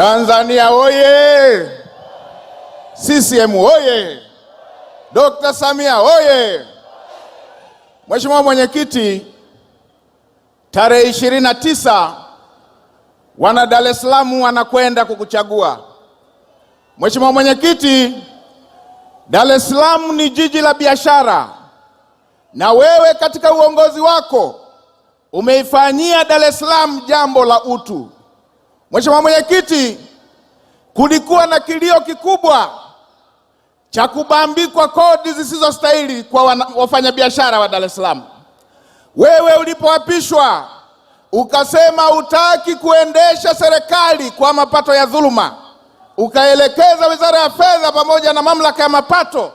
Tanzania oye! CCM oye! Dr. Samia oye! Mheshimiwa Mwenyekiti, tarehe ishirini na tisa wana Dar es Salaam wanakwenda kukuchagua. Mheshimiwa Mwenyekiti, Dar es Salaam ni jiji la biashara, na wewe katika uongozi wako umeifanyia Dar es Salaam jambo la utu. Mheshimiwa Mwenyekiti, kulikuwa na kilio kikubwa cha kubambikwa kodi zisizostahili kwa wafanyabiashara wa Dar es Salaam. Wewe ulipoapishwa ukasema utaki kuendesha serikali kwa mapato ya dhuluma, ukaelekeza Wizara ya Fedha pamoja na Mamlaka ya Mapato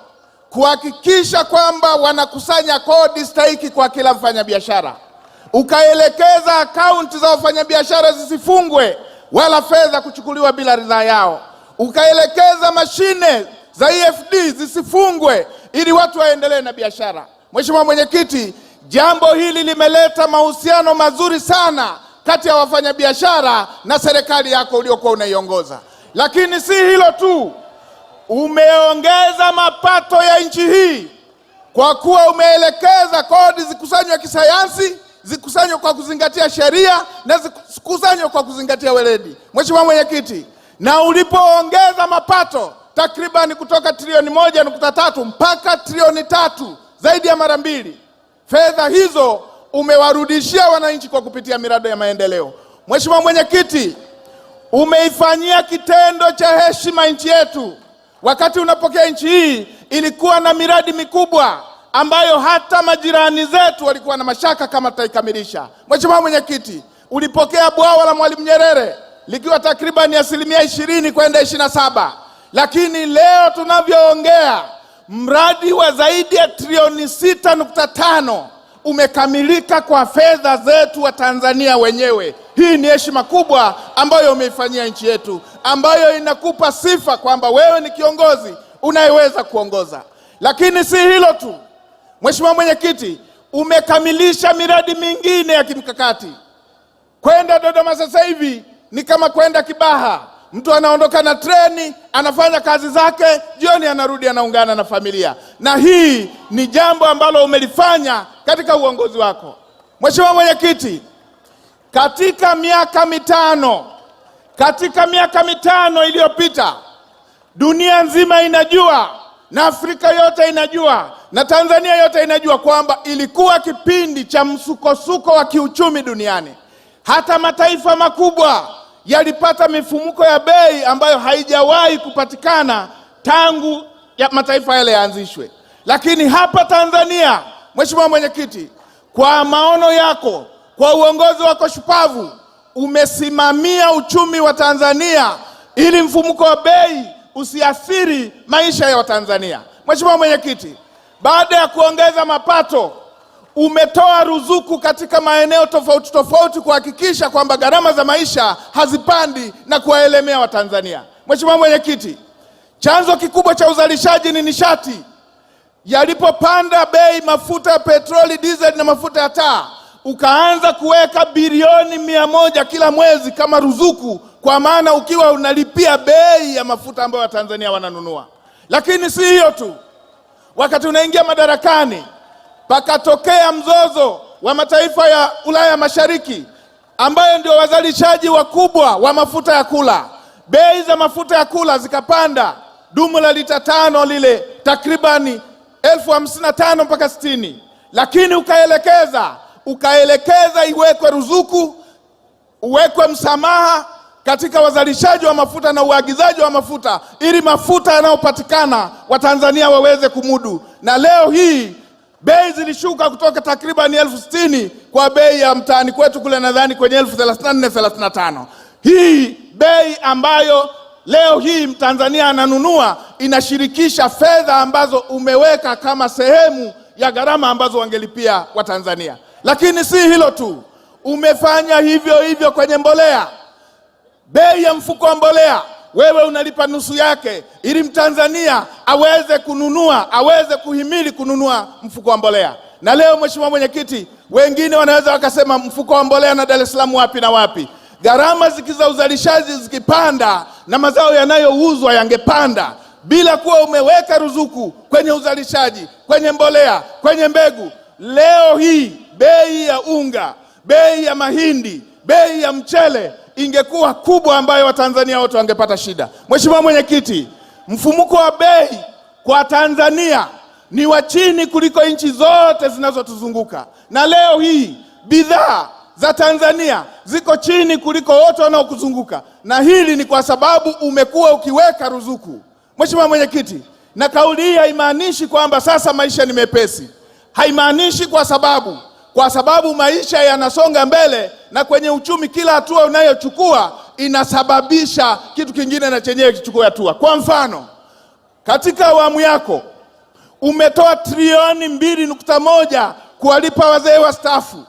kuhakikisha kwamba wanakusanya kodi stahiki kwa kila mfanyabiashara, ukaelekeza akaunti za wafanyabiashara zisifungwe wala fedha kuchukuliwa bila ridhaa yao, ukaelekeza mashine za EFD zisifungwe ili watu waendelee na biashara. Mheshimiwa Mwenyekiti, jambo hili limeleta mahusiano mazuri sana kati ya wafanyabiashara na serikali yako uliokuwa unaiongoza. Lakini si hilo tu, umeongeza mapato ya nchi hii kwa kuwa umeelekeza kodi zikusanywe kisayansi zikusanywe kwa kuzingatia sheria na zikusanywe kwa kuzingatia weledi. Mheshimiwa Mwenyekiti, na ulipoongeza mapato takribani kutoka trilioni moja nukta tatu mpaka trilioni tatu zaidi ya mara mbili, fedha hizo umewarudishia wananchi kwa kupitia miradi ya maendeleo. Mheshimiwa Mwenyekiti, umeifanyia kitendo cha heshima nchi yetu. Wakati unapokea nchi hii ilikuwa na miradi mikubwa ambayo hata majirani zetu walikuwa na mashaka kama tutaikamilisha. Mheshimiwa Mwenyekiti, ulipokea bwawa la Mwalimu Nyerere likiwa takribani asilimia ishirini kwenda ishirini na saba lakini leo tunavyoongea mradi wa zaidi ya trilioni sita nukta tano umekamilika kwa fedha zetu wa Tanzania wenyewe. Hii ni heshima kubwa ambayo umeifanyia nchi yetu, ambayo inakupa sifa kwamba wewe ni kiongozi unayeweza kuongoza. Lakini si hilo tu, Mheshimiwa Mwenyekiti, umekamilisha miradi mingine ya kimkakati. Kwenda Dodoma sasa hivi ni kama kwenda Kibaha, mtu anaondoka na treni anafanya kazi zake, jioni anarudi anaungana na familia, na hii ni jambo ambalo umelifanya katika uongozi wako. Mheshimiwa Mwenyekiti, katika miaka mitano katika miaka mitano iliyopita dunia nzima inajua na Afrika yote inajua na Tanzania yote inajua kwamba ilikuwa kipindi cha msukosuko wa kiuchumi duniani. Hata mataifa makubwa yalipata mifumuko ya bei ambayo haijawahi kupatikana tangu ya mataifa yale yaanzishwe. Lakini hapa Tanzania, Mheshimiwa Mwenyekiti, kwa maono yako, kwa uongozi wako shupavu, umesimamia uchumi wa Tanzania ili mfumuko wa bei usiathiri maisha ya Watanzania. Mheshimiwa Mwenyekiti, baada ya kuongeza mapato umetoa ruzuku katika maeneo tofauti tofauti kuhakikisha kwamba gharama za maisha hazipandi na kuwaelemea Watanzania. Mheshimiwa Mwenyekiti, chanzo kikubwa cha uzalishaji ni nishati. Yalipopanda bei mafuta ya petroli, dizeli na mafuta ya taa, ukaanza kuweka bilioni mia moja kila mwezi kama ruzuku kwa maana ukiwa unalipia bei ya mafuta ambayo Watanzania wananunua. Lakini si hiyo tu, wakati unaingia madarakani pakatokea mzozo wa mataifa ya Ulaya Mashariki ambayo ndio wazalishaji wakubwa wa mafuta ya kula. Bei za mafuta ya kula zikapanda, dumu la lita tano lile takribani elfu hamsini na tano mpaka sitini, lakini ukaelekeza ukaelekeza iwekwe ruzuku, uwekwe msamaha katika wazalishaji wa mafuta na uagizaji wa mafuta ili mafuta yanayopatikana Watanzania waweze kumudu. Na leo hii bei zilishuka kutoka takriban elfu sitini kwa bei ya mtaani kwetu kule, nadhani kwenye elfu thelathini na nne thelathini na tano Hii bei ambayo leo hii mtanzania ananunua inashirikisha fedha ambazo umeweka kama sehemu ya gharama ambazo wangelipia Watanzania. Lakini si hilo tu, umefanya hivyo hivyo kwenye mbolea Bei ya mfuko wa mbolea wewe unalipa nusu yake, ili mtanzania aweze kununua, aweze kuhimili kununua mfuko wa mbolea. Na leo, mheshimiwa mwenyekiti, wengine wanaweza wakasema mfuko wa mbolea na Dar es Salaam wapi na wapi? Gharama zikiza uzalishaji zikipanda na mazao yanayouzwa yangepanda bila kuwa umeweka ruzuku kwenye uzalishaji, kwenye mbolea, kwenye mbegu. Leo hii bei ya unga, bei ya mahindi, bei ya mchele ingekuwa kubwa ambayo Watanzania wote wangepata shida. Mheshimiwa Mwenyekiti, mfumuko wa bei kwa Tanzania ni wa chini kuliko nchi zote zinazotuzunguka, na leo hii bidhaa za Tanzania ziko chini kuliko wote wanaokuzunguka, na hili ni kwa sababu umekuwa ukiweka ruzuku. Mheshimiwa Mwenyekiti, na kauli hii haimaanishi kwamba sasa maisha ni mepesi, haimaanishi kwa sababu kwa sababu maisha yanasonga mbele na kwenye uchumi, kila hatua unayochukua inasababisha kitu kingine na chenyewe kichukue hatua. Kwa mfano, katika awamu yako umetoa trilioni mbili nukta moja kuwalipa wazee wastaafu.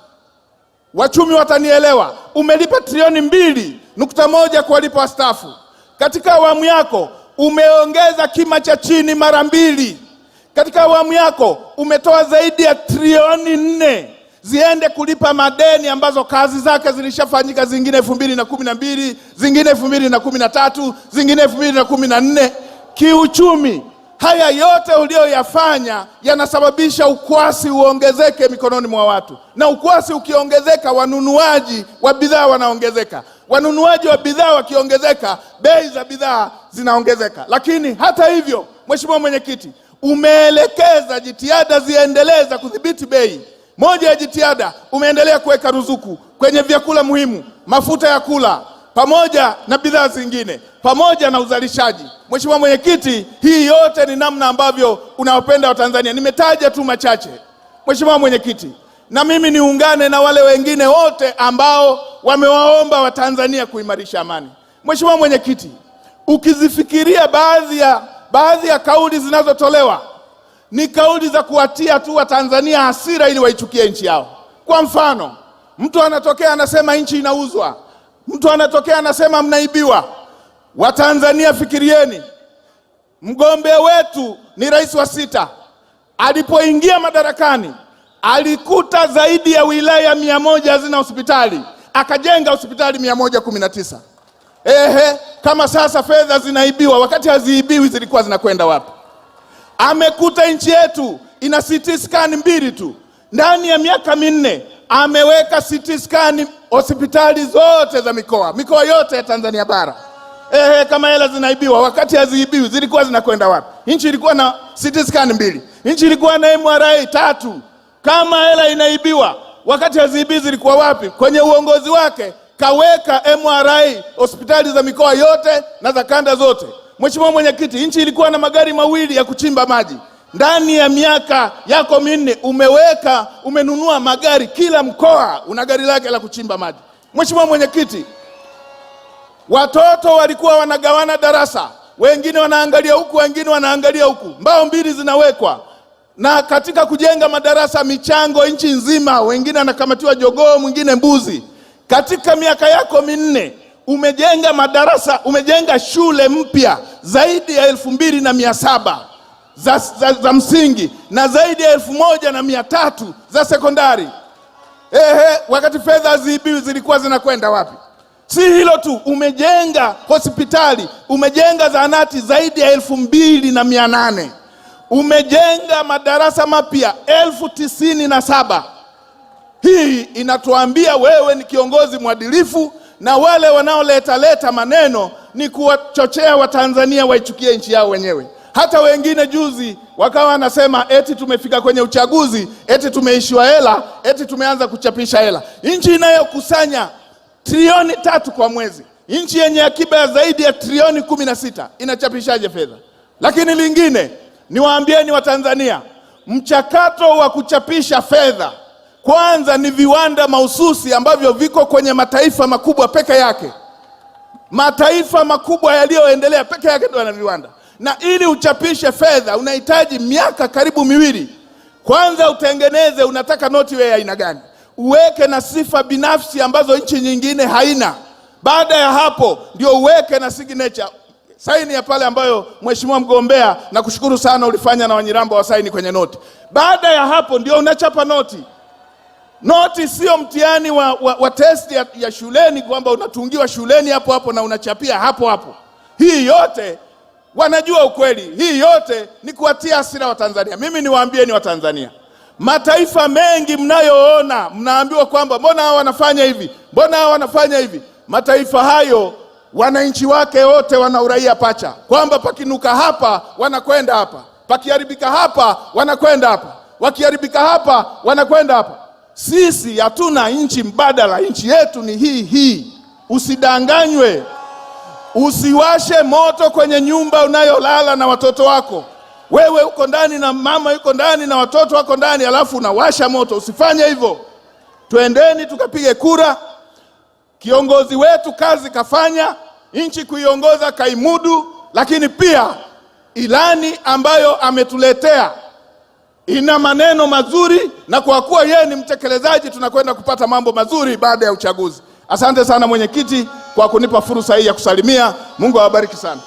Wachumi watanielewa, umelipa trilioni mbili nukta moja kuwalipa wastaafu. Katika awamu yako umeongeza kima cha chini mara mbili. Katika awamu yako umetoa zaidi ya trilioni nne ziende kulipa madeni ambazo kazi zake zilishafanyika, zingine elfu mbili na kumi na mbili zingine elfu mbili na kumi na tatu zingine elfu mbili na kumi na nne Kiuchumi, haya yote uliyoyafanya yanasababisha ukwasi uongezeke mikononi mwa watu, na ukwasi ukiongezeka, wanunuaji wa bidhaa wanaongezeka. Wanunuaji wa bidhaa wakiongezeka, bei za bidhaa zinaongezeka. Lakini hata hivyo, Mheshimiwa Mwenyekiti, umeelekeza jitihada ziendelee za kudhibiti bei moja ya jitihada, umeendelea kuweka ruzuku kwenye vyakula muhimu, mafuta ya kula pamoja na bidhaa zingine pamoja na uzalishaji. Mheshimiwa Mwenyekiti, hii yote ni namna ambavyo unawapenda Watanzania. Nimetaja tu machache. Mheshimiwa Mwenyekiti, na mimi niungane na wale wengine wote ambao wamewaomba Watanzania kuimarisha amani. Mheshimiwa Mwenyekiti, ukizifikiria baadhi ya, baadhi ya kauli zinazotolewa ni kauli za kuwatia tu Watanzania hasira ili waichukie nchi yao. Kwa mfano, mtu anatokea anasema nchi inauzwa, mtu anatokea anasema mnaibiwa. Watanzania fikirieni, mgombea wetu ni rais wa sita, alipoingia madarakani alikuta zaidi ya wilaya mia moja hazina hospitali, akajenga hospitali mia moja kumi na tisa. Ehe, kama sasa fedha zinaibiwa, wakati haziibiwi zilikuwa zinakwenda wapi? amekuta nchi yetu ina CT scan mbili tu. Ndani ya miaka minne ameweka CT scan hospitali zote za mikoa mikoa yote ya Tanzania bara. Ehe, kama hela zinaibiwa, wakati haziibiwi zilikuwa zinakwenda wapi? Nchi ilikuwa na CT scan mbili, nchi ilikuwa na MRI tatu. Kama hela inaibiwa, wakati haziibiwi zilikuwa wapi? Kwenye uongozi wake kaweka MRI hospitali za mikoa yote na za kanda zote. Mheshimiwa Mwenyekiti, nchi ilikuwa na magari mawili ya kuchimba maji. Ndani ya miaka yako minne umeweka umenunua magari, kila mkoa una gari lake la kuchimba maji. Mheshimiwa Mwenyekiti, watoto walikuwa wanagawana darasa, wengine wanaangalia huku, wengine wanaangalia huku, mbao mbili zinawekwa na katika kujenga madarasa michango nchi nzima, wengine anakamatiwa jogoo, mwingine mbuzi. Katika miaka yako minne umejenga madarasa, umejenga shule mpya zaidi ya elfu mbili na mia saba za, za, za msingi na zaidi ya elfu moja na mia tatu za sekondari. Ehe, wakati fedha haziibiwi zilikuwa zinakwenda wapi? Si hilo tu, umejenga hospitali, umejenga zahanati zaidi ya elfu mbili na mia nane umejenga madarasa mapya elfu tisini na saba. Hii inatuambia wewe ni kiongozi mwadilifu na wale wanaoletaleta maneno ni kuwachochea Watanzania waichukie nchi yao wenyewe. Hata wengine juzi wakawa wanasema eti tumefika kwenye uchaguzi, eti tumeishiwa hela, eti tumeanza kuchapisha hela. Nchi inayokusanya trilioni tatu kwa mwezi, nchi yenye akiba ya zaidi ya trilioni kumi na sita inachapishaje fedha? Lakini lingine niwaambieni Watanzania, mchakato wa kuchapisha fedha kwanza ni viwanda mahususi ambavyo viko kwenye mataifa makubwa peke yake. Mataifa makubwa yaliyoendelea peke yake ndio yana viwanda, na ili uchapishe fedha unahitaji miaka karibu miwili. Kwanza utengeneze, unataka noti wewe aina gani, uweke na sifa binafsi ambazo nchi nyingine haina. Baada ya hapo ndio uweke na signature saini ya pale ambayo mheshimiwa mgombea, nakushukuru sana ulifanya na Wanyiramba wa saini kwenye noti. Baada ya hapo ndio unachapa noti. Noti sio mtihani wa, wa, wa testi ya, ya shuleni kwamba unatungiwa shuleni hapo hapo na unachapia hapo hapo. Hii yote wanajua ukweli, hii yote ni kuwatia hasira Watanzania. Mimi niwaambieni Watanzania, mataifa mengi mnayoona mnaambiwa kwamba mbona hao wanafanya hivi, mbona hao wanafanya hivi, mataifa hayo wananchi wake wote wana uraia pacha, kwamba pakinuka hapa wanakwenda hapa, pakiharibika hapa wanakwenda hapa, wakiharibika hapa wanakwenda hapa sisi hatuna nchi mbadala, nchi yetu ni hii hii. Usidanganywe, usiwashe moto kwenye nyumba unayolala na watoto wako. Wewe uko ndani na mama yuko ndani na watoto wako ndani, alafu unawasha moto. Usifanye hivyo. Twendeni tukapige kura. Kiongozi wetu kazi kafanya, nchi kuiongoza kaimudu, lakini pia ilani ambayo ametuletea ina maneno mazuri, na kwa kuwa yeye ni mtekelezaji, tunakwenda kupata mambo mazuri baada ya uchaguzi. Asante sana mwenyekiti kwa kunipa fursa hii ya kusalimia. Mungu awabariki sana.